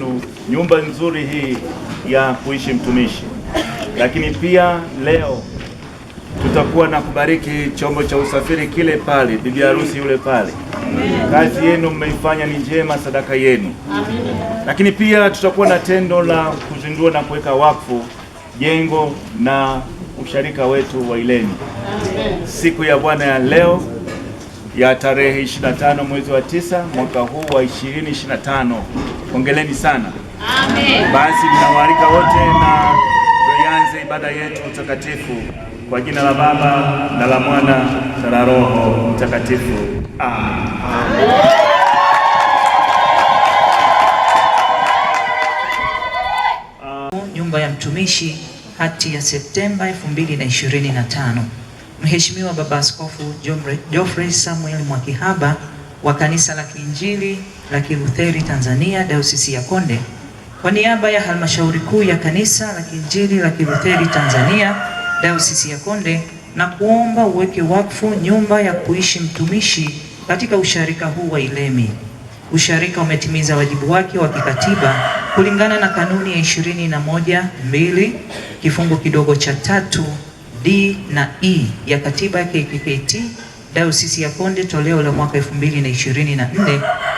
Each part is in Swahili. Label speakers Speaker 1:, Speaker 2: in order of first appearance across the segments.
Speaker 1: kwenu nyumba nzuri hii ya kuishi mtumishi. Lakini pia leo tutakuwa na kubariki chombo cha usafiri kile pale, bibi harusi yule pale. Kazi yenu mmeifanya ni njema, sadaka yenu. Lakini pia tutakuwa na tendo la kuzindua na kuweka wakfu jengo na usharika wetu wa Ileni siku ya Bwana ya leo ya tarehe 25 mwezi wa tisa mwaka huu wa 2025. Hongereni sana. Amen. Basi ninawaalika wote na tuanze ibada yetu mtakatifu kwa jina la Baba na la Mwana na la Roho Mtakatifu. Amen.
Speaker 2: Amen. Nyumba ya mtumishi hati ya Septemba 2025. Mheshimiwa Baba Askofu Geoffrey Samuel Mwakihaba wa Kanisa la Kiinjili la Kilutheri Tanzania Dayosisi ya Konde, kwa niaba ya Halmashauri Kuu ya Kanisa la Kiinjili la Kilutheri Tanzania Dayosisi ya Konde, na kuomba uweke wakfu nyumba ya kuishi mtumishi katika usharika huu wa Ilemi. Usharika umetimiza wajibu wake wa kikatiba kulingana na kanuni ya ishirini na moja mbili kifungu kidogo cha tatu D na E ya katiba ya KKKT Dayosisi ya Konde toleo la mwaka 2024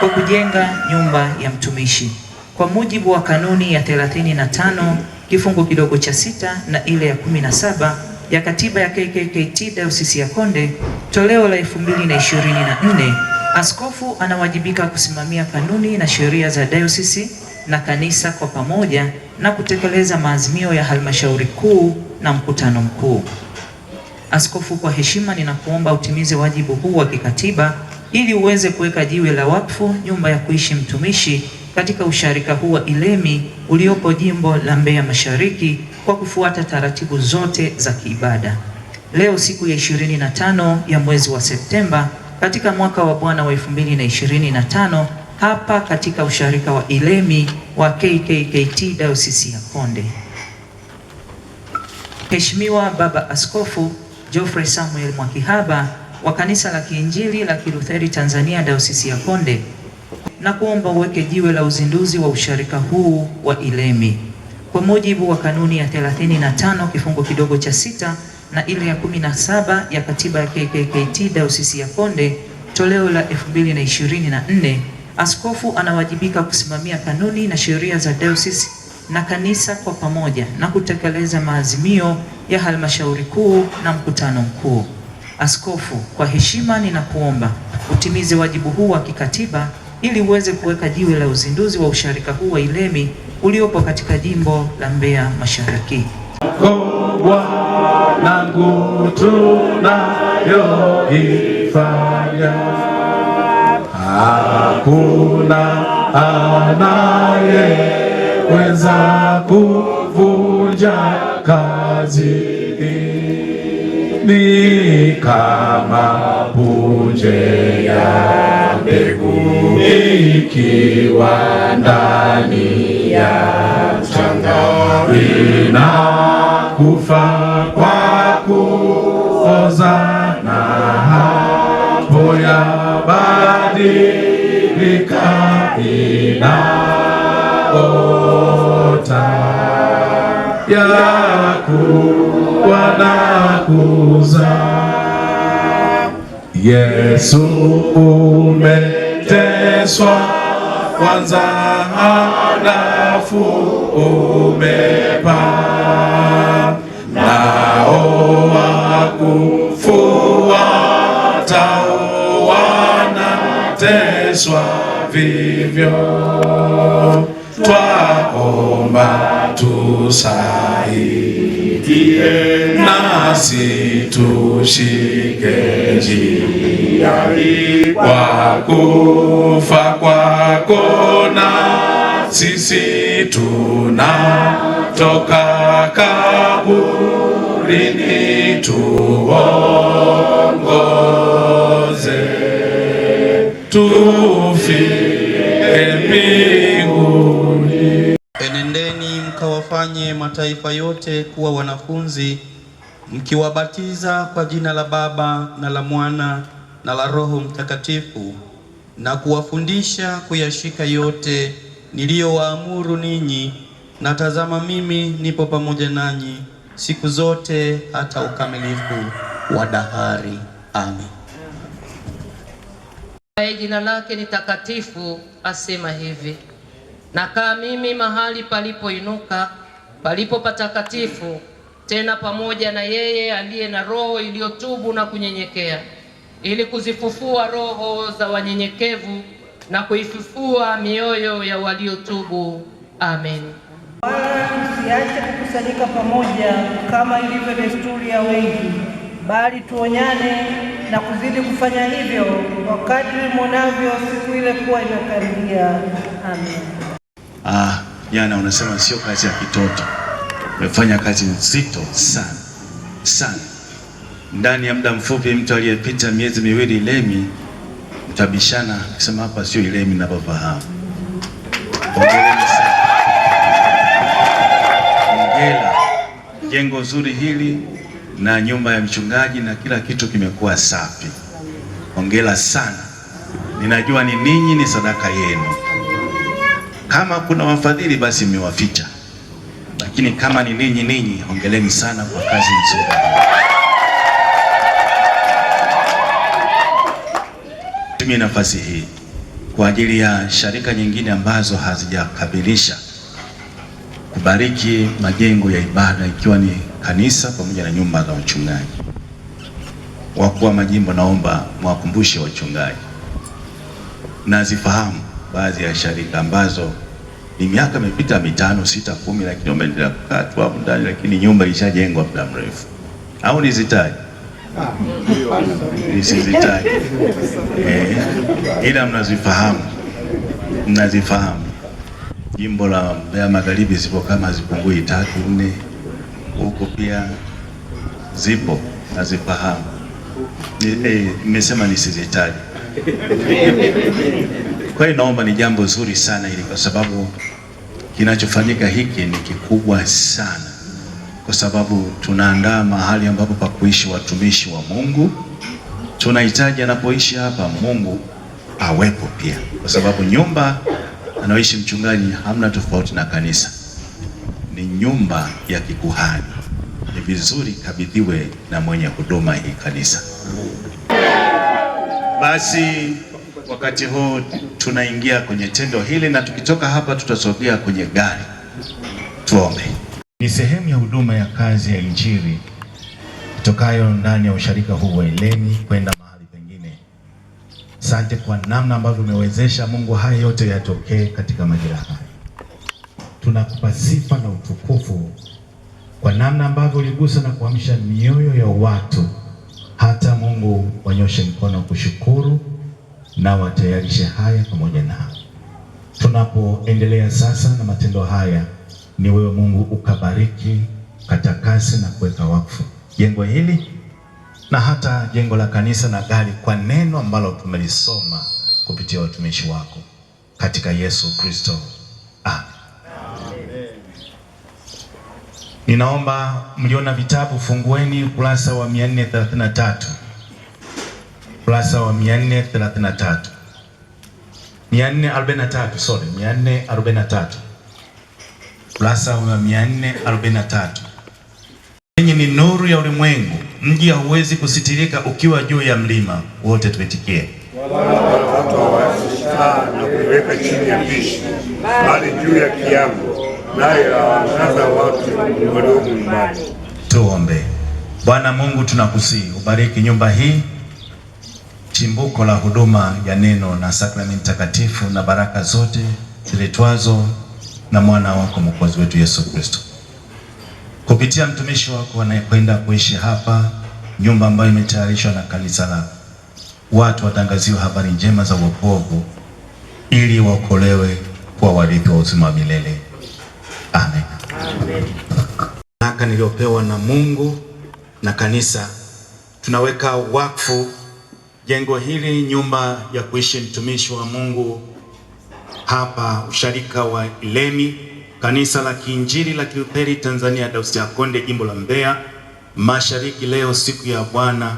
Speaker 2: kwa kujenga nyumba ya mtumishi kwa mujibu wa kanuni ya 35 kifungu kidogo cha sita na ile ya 17 ya katiba ya KKKT Dayosisi ya Konde toleo la 2024, askofu anawajibika kusimamia kanuni na sheria za dayosisi na kanisa kwa pamoja na kutekeleza maazimio ya halmashauri kuu na mkutano mkuu. Askofu, kwa heshima ninakuomba utimize wajibu huu wa kikatiba ili uweze kuweka jiwe la wakfu nyumba ya kuishi mtumishi katika usharika huu wa Ilemi uliopo jimbo la Mbeya Mashariki kwa kufuata taratibu zote za kiibada. Leo siku ya 25 ya mwezi wa Septemba katika mwaka wa Bwana wa 2025 hapa katika usharika wa Ilemi wa KKKT Dayosisi ya Konde. Mheshimiwa Baba Askofu Geoffrey Samuel Mwakihaba wa Kanisa la Kiinjili la Kilutheri Tanzania Dayosisi ya Konde, na kuomba uweke jiwe la uzinduzi wa usharika huu wa Ilemi kwa mujibu wa kanuni ya 35 kifungu kidogo cha sita na ile ya 17 ya katiba ya KKKT Dayosisi ya Konde toleo la 2024, askofu anawajibika kusimamia kanuni na sheria za dayosisi na kanisa kwa pamoja na kutekeleza maazimio ya halmashauri kuu na mkutano mkuu. Askofu, kwa heshima ninakuomba utimize wajibu huu wa kikatiba ili uweze kuweka jiwe la uzinduzi wa usharika huu wa Ilemi uliopo katika jimbo la Mbeya Mashariki.
Speaker 3: Bwanangu, tunayoifanya hakuna anaye weza kuvunja kazi ni kama punje ya mbegu ikiwa ndani ya mchanga kufa kwa kuoza, na hapo badi ina maota yaku wanakuza. Yesu umeteswa, kwanza halafu umepaa, nao wakufuata wanateswa vivyo twaomba tusaidie, nasi tushike njia hii, kwa kufa kwako na sisi tunatoka kaburini, tuongoze tufike
Speaker 1: enendeni mkawafanye mataifa yote kuwa wanafunzi, mkiwabatiza kwa jina la Baba na la Mwana na la Roho Mtakatifu, na kuwafundisha kuyashika yote niliyowaamuru ninyi, na tazama, mimi nipo pamoja nanyi siku zote hata ukamilifu wa dahari. Amen.
Speaker 4: Jina lake ni takatifu, asema hivi Nakaa mimi mahali palipoinuka, palipo patakatifu, tena pamoja na yeye aliye na roho iliyotubu na kunyenyekea, ili kuzifufua roho za wanyenyekevu na kuifufua mioyo ya waliotubu. Amen.
Speaker 5: Wala tusiache kukusanyika pamoja kama ilivyo desturi ya wengi, bali tuonyane na kuzidi kufanya hivyo, wakati mwanavyo siku ile kuwa imekaribia. Amen.
Speaker 1: Ah, jana unasema sio kazi ya kitoto. Umefanya kazi nzito sana sana. Ndani ya muda mfupi, mtu aliyepita miezi miwili Ilemi mtabishana kusema hapa sio Ilemi ninavyofahamu. Hongereni Hongera. Jengo zuri hili na nyumba ya mchungaji na kila kitu kimekuwa safi. Hongera sana. Ninajua ni ninyi, ni sadaka yenu. Kama kuna wafadhili basi mmewaficha, lakini kama ni ninyi ninyi, hongereni sana kwa kazi nzuri. Tumie nafasi hii kwa ajili ya sharika nyingine ambazo hazijakamilisha kubariki majengo ya ibada ikiwa ni kanisa pamoja na nyumba za wachungaji. Wakuu wa majimbo, naomba mwakumbushe wachungaji, nazifahamu baadhi ya sharika ambazo ni miaka imepita mitano sita kumi, lakini wameendelea kukaa tu hapo ndani, lakini nyumba ilishajengwa muda mrefu. Au nizitaje? Nisizitaje eh, ila mnazifahamu, mnazifahamu. Jimbo la Mbeya Magharibi zipo kama zipungui tatu nne, huko pia zipo nazifahamu. Eh, nimesema nisizitaje. Kwa hiyo naomba ni jambo zuri sana hili, kwa sababu kinachofanyika hiki ni kikubwa sana, kwa sababu tunaandaa mahali ambapo pa kuishi watumishi wa Mungu. Tunahitaji anapoishi hapa Mungu awepo pia, kwa sababu nyumba anaoishi mchungaji hamna tofauti na kanisa, ni nyumba ya kikuhani. Ni vizuri kabidhiwe na mwenye huduma hii kanisa basi Wakati huu tunaingia kwenye tendo hili, na tukitoka hapa tutasogea kwenye gari. Tuombe. Ni sehemu ya huduma ya kazi ya Injili itokayo ndani ya usharika huu wa Eleni kwenda mahali pengine. Asante kwa namna ambavyo umewezesha Mungu, haya yote yatokee katika majira haya. Tunakupa sifa na utukufu kwa namna ambavyo uligusa na kuamsha mioyo ya watu, hata Mungu wanyoshe mkono kushukuru na watayarishe haya pamoja nao. Tunapoendelea sasa na matendo haya, ni wewe Mungu ukabariki, katakasi na kuweka wakfu jengo hili na hata jengo la kanisa na gari, kwa neno ambalo tumelisoma kupitia watumishi wako, katika Yesu Kristo amen. Ninaomba mliona vitabu, fungueni ukurasa wa 433 ukurasa wa 433 443, sorry, 443 ukurasa wa 443 ninyi ni nuru ya ulimwengu, mji hauwezi kusitirika ukiwa juu ya mlima. Wote tuitikie
Speaker 6: na kuiweka chini ya pishi, bali juu ya kiango, naye awangaza watu walio nyumbani.
Speaker 1: Tuombe. Bwana Mungu, tunakusihi ubariki nyumba hii chimbuko la huduma ya neno na sakramenti takatifu na baraka zote ziletwazo na mwana wako mwokozi wetu Yesu Kristo kupitia mtumishi wako anayekwenda kuishi hapa, nyumba ambayo imetayarishwa na kanisa lako, watu watangaziwe habari njema za wokovu ili waokolewe kwa warithi wa uzima wa milele. Amen. Amen. Naka niliyopewa na Mungu na kanisa tunaweka wakfu Jengo hili nyumba ya kuishi mtumishi wa Mungu hapa usharika wa Ilemi, kanisa la Kiinjili la Kilutheri Tanzania Dayosisi ya Konde, jimbo la Mbeya Mashariki, leo siku ya Bwana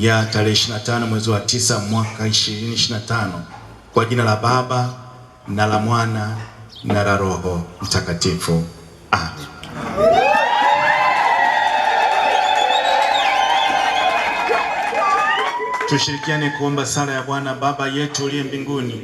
Speaker 1: ya tarehe 25 mwezi wa 9 mwaka 2025, kwa jina la Baba na la Mwana na la Roho Mtakatifu, amen. Tushirikiane kuomba sala ya Bwana. Baba yetu uliye mbinguni,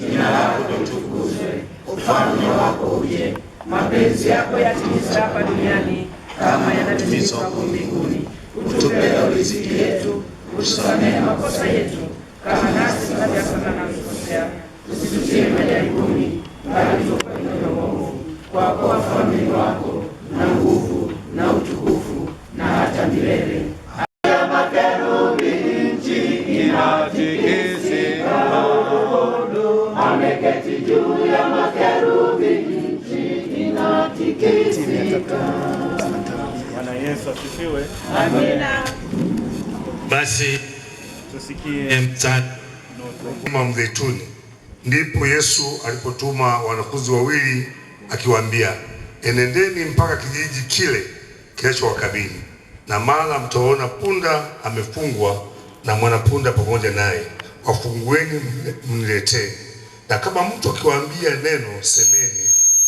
Speaker 7: jina lako litukuzwe, ufalme wako uje, mapenzi yako yatimizwe hapa duniani kama yanatimizwa huko mbinguni. Utupe leo riziki yetu, utusamehe makosa yetu kama nasi tunavyosamehe wanaotukosea, usitutie majaribuni, bali utuponye maovu, kwa kuwa ufalme wako na nguvu na utukufu na hata milele.
Speaker 1: Bwana Yesu asifiwe.
Speaker 8: Amina.
Speaker 1: Basi tusikie mtama mzeituni. Ndipo Yesu alipotuma wanafunzi wawili akiwaambia, enendeni mpaka kijiji kile wakabili na mara mtaona punda amefungwa na mwanapunda pamoja naye, wafungueni mniletee. Na kama mtu akiwaambia neno, semeni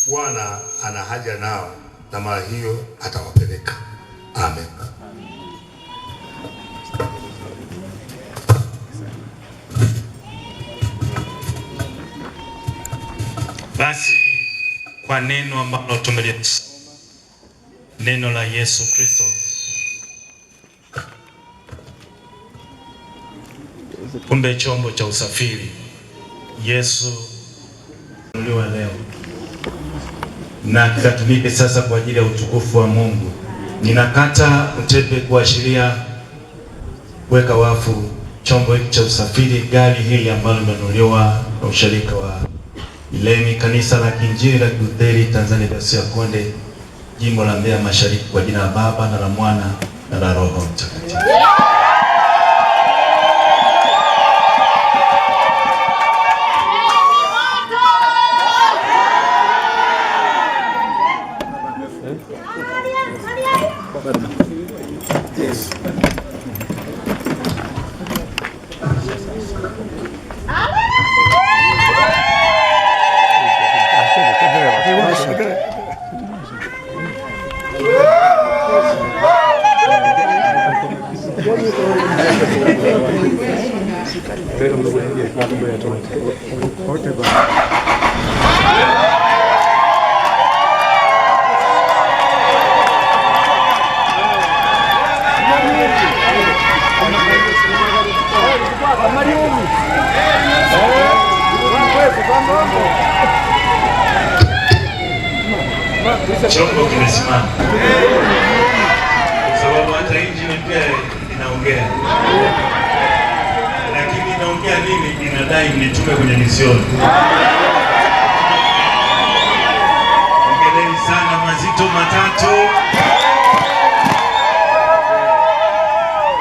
Speaker 1: Bwana ana haja nao na mara hiyo atawapeleka. Amen. Basi kwa neno ambalo tumelisoma, neno la Yesu Kristo kumbe chombo cha usafiri Yesu liwa leo na kikatumike sasa kwa ajili ya utukufu wa Mungu. Ninakata utepe kuashiria kuweka wafu chombo hiki cha usafiri, gari hili ambalo limenunuliwa na usharika wa ileni kanisa la Kiinjili la Kilutheri Tanzania, Dayosisi ya Konde, jimbo la Mbeya Mashariki, kwa jina la Baba na la Mwana na la Roho Mtakatifu. Pero no voy a ir, no voy a tomar. Ahorita va. 저도 그랬지만 ninadai mnitume kwenye misioni. Ongeleni sana mazito matatu,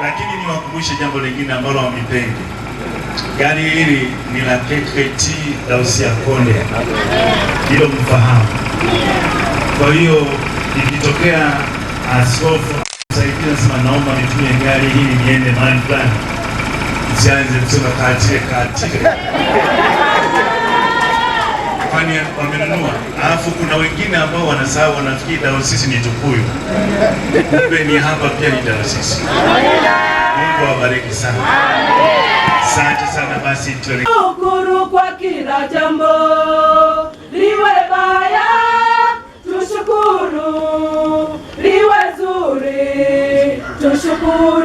Speaker 1: lakini niwakumbushe jambo lingine ambalo wamipendi, Gari hili ni la KKKT Dausi Konde, hilo mfahamu. Kwa hiyo ikitokea askofu saidia, nasema naomba nitumie gari hili niende mahali fulani Msianze kusema katile katile, kwani wamenunua. Alafu kuna wengine ambao wanasahau, wanafikiri dayosisi ni Tukuyu, kumbe ni hapa pia ni dayosisi.
Speaker 8: Mungu
Speaker 1: awabariki sana, asante sana. Basi tuli.
Speaker 9: tushukuru kwa kila jambo, liwe baya tushukuru, liwe zuri tushukuru.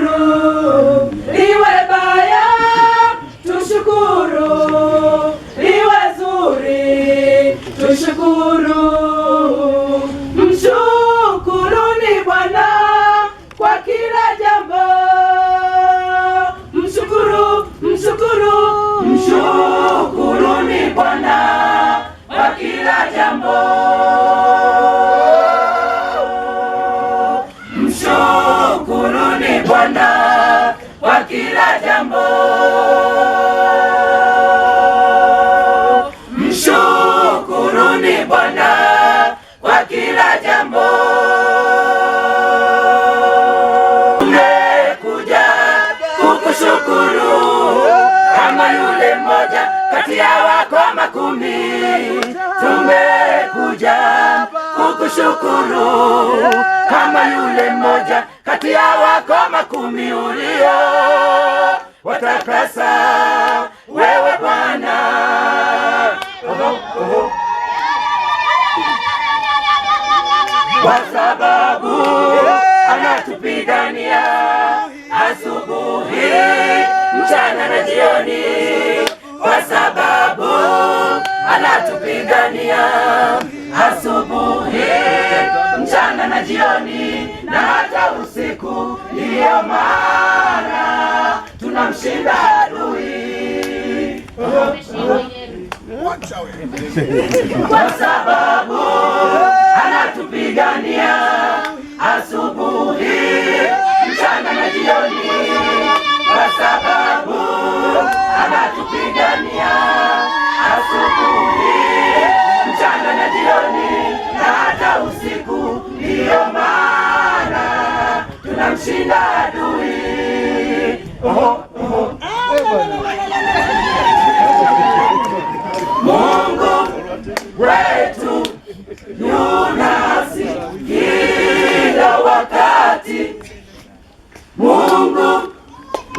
Speaker 9: kushukuru kama yule mmoja kati ya wako makumi ulio watakasa wewe Bwana. Kwa sababu anatupigania asubuhi, mchana na jioni, kwa sababu anatupigania Ndiyo maana tunamshinda adui.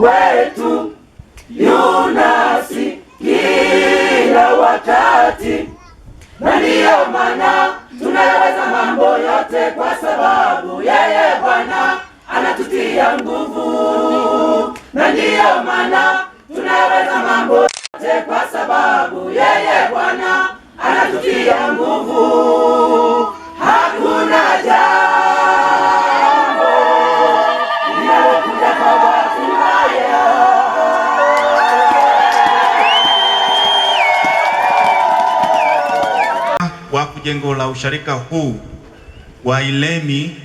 Speaker 9: kwetu yunasi kila wakati, na ndiyo maana tunaweza mambo yote kwa sababu yeye Bwana anatutia nguvu, na ndiyo maana tunaweza mambo yote kwa sababu yeye Bwana anatutia nguvu, hakuna ja
Speaker 1: wa jengo la usharika huu wa Ilemi,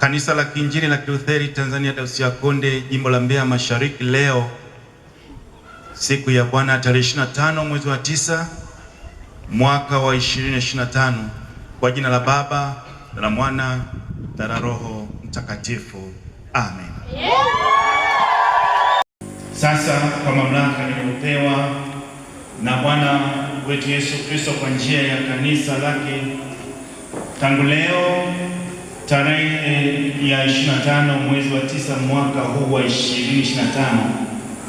Speaker 1: kanisa la Kiinjili la Kilutheri Tanzania, Dayosisi ya Konde, jimbo la Mbeya Mashariki, leo siku ya Bwana tarehe 25 mwezi wa 9 mwaka wa 2025, kwa jina la Baba na la Mwana na la Roho Mtakatifu, amen. Sasa kwa mamlaka niliyopewa na Bwana kwetu wetu Yesu Kristo kwa njia ya kanisa lake tangu leo tarehe eh, ya 25 mwezi wa tisa mwaka huu wa 2025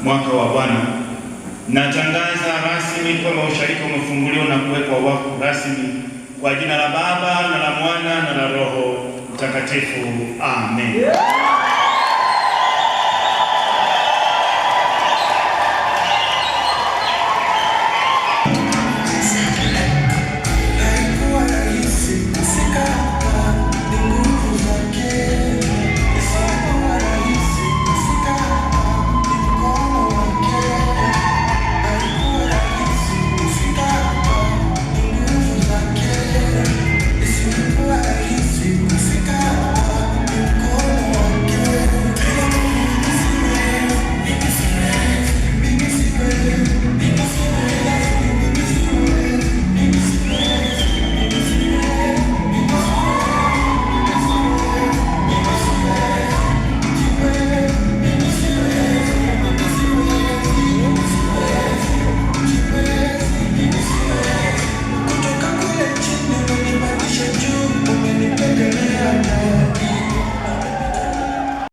Speaker 1: mwaka wa Bwana, natangaza rasmi kwamba usharika umefunguliwa na kuwekwa wakfu rasmi kwa jina la Baba na la Mwana na la Roho Mtakatifu. Amen.